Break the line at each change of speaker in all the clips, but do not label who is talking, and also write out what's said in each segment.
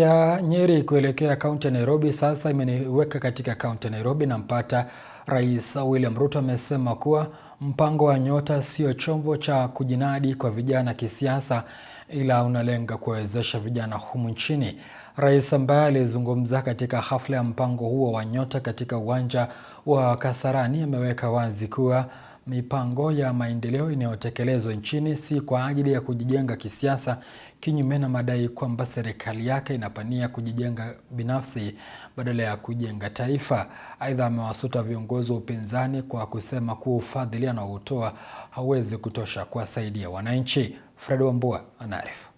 ya Nyeri kuelekea kaunti ya Nairobi sasa imeniweka katika kaunti ya Nairobi na mpata Rais William Ruto amesema kuwa mpango wa Nyota sio chombo cha kujinadi kwa vijana kisiasa, ila unalenga kuwawezesha vijana humu nchini. Rais ambaye alizungumza katika hafla ya mpango huo wa Nyota katika uwanja wa Kasarani ameweka wazi kuwa Mipango ya maendeleo inayotekelezwa nchini si kwa ajili ya kujijenga kisiasa, kinyume na madai kwamba serikali yake inapania kujijenga binafsi badala ya kujenga taifa. Aidha, amewasuta viongozi wa upinzani kwa kusema kuwa ufadhili anaotoa hauwezi kutosha kuwasaidia wananchi. Fred Wambua anaarifu.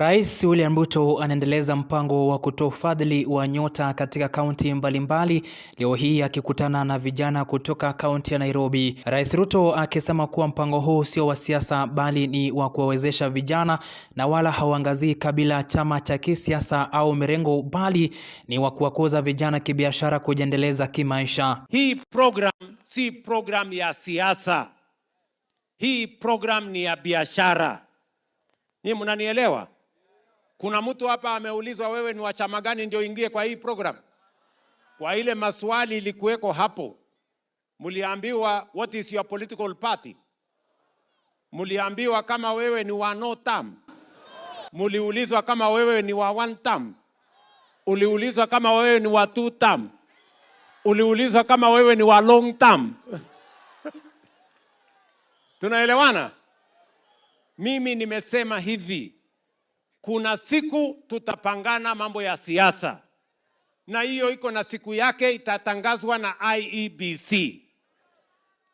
Rais William Ruto anaendeleza mpango wa kutoa ufadhili wa nyota katika kaunti mbalimbali, leo hii akikutana na vijana kutoka kaunti ya Nairobi. Rais Ruto akisema kuwa mpango huu sio wa siasa, bali ni wa kuwawezesha vijana na wala hauangazii kabila, chama cha kisiasa au mirengo, bali ni wa kuwakuza vijana kibiashara, kujiendeleza kimaisha.
Hii program si program ya siasa, hii program ni ya biashara. Ni mnanielewa? Kuna mtu hapa ameulizwa, wewe ni wa chama gani ndio ingie kwa hii program? Kwa ile maswali ilikuweko hapo, mliambiwa what is your political party? Mliambiwa kama wewe ni wa no term, muliulizwa kama wewe ni wa one term, uliulizwa kama wewe ni wa two term, uliulizwa kama wewe ni wa long term. Tunaelewana? Mimi nimesema hivi kuna siku tutapangana mambo ya siasa, na hiyo iko na siku yake, itatangazwa na IEBC.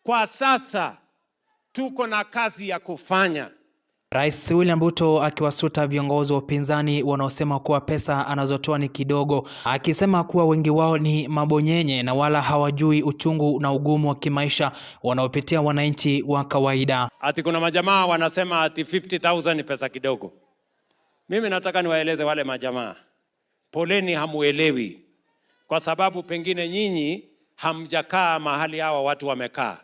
Kwa sasa tuko na kazi ya kufanya.
Rais William Ruto akiwasuta viongozi wa upinzani wanaosema kuwa pesa anazotoa ni kidogo, akisema kuwa wengi wao ni mabonyenye na wala hawajui uchungu na ugumu wa kimaisha wanaopitia wananchi wa kawaida.
Ati kuna majamaa wanasema ati 50000 ni pesa kidogo. Mimi nataka niwaeleze wale majamaa, poleni, hamuelewi kwa sababu pengine nyinyi hamjakaa mahali hawa watu wamekaa.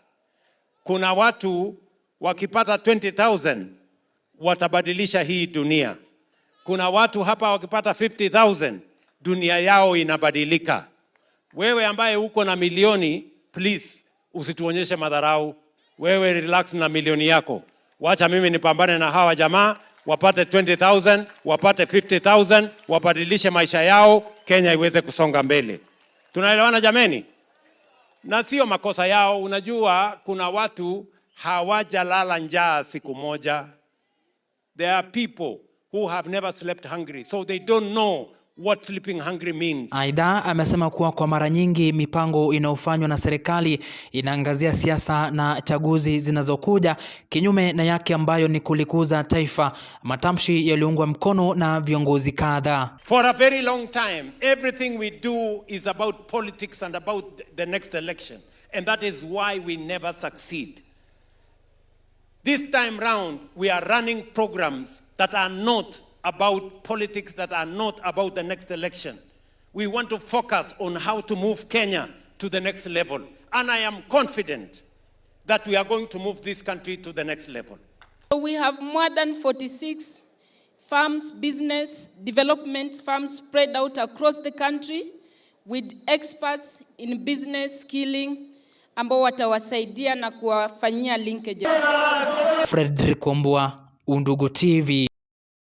Kuna watu wakipata 20,000 watabadilisha hii dunia. Kuna watu hapa wakipata 50,000 dunia yao inabadilika. Wewe ambaye uko na milioni, please usituonyeshe madharau. Wewe relax na milioni yako, wacha mimi nipambane na hawa jamaa wapate 20000 wapate 50000 wabadilishe maisha yao, Kenya iweze kusonga mbele. Tunaelewana jameni? Na sio makosa yao. Unajua, kuna watu hawajalala njaa siku moja. There are people who have never slept hungry so they don't know What sleeping hungry means.
Aidha, amesema kuwa kwa mara nyingi mipango inayofanywa na serikali inaangazia siasa na chaguzi zinazokuja kinyume na yake ambayo ni kulikuza taifa, matamshi yaliyoungwa mkono na viongozi kadhaa.
For a very long time everything we do is about politics and about the next election and that is why we never succeed. This time round we are running programs that are not about politics that are not about the next election. We want to focus on how to move Kenya to the next level. And I am confident that we are going to move this country to the next level.
We have more than 46 farms, business development farms spread out across the country with experts in business skilling ambao watawasaidia na kuwafanyia linkage.
Fredrick Ombwa, Undugu TV.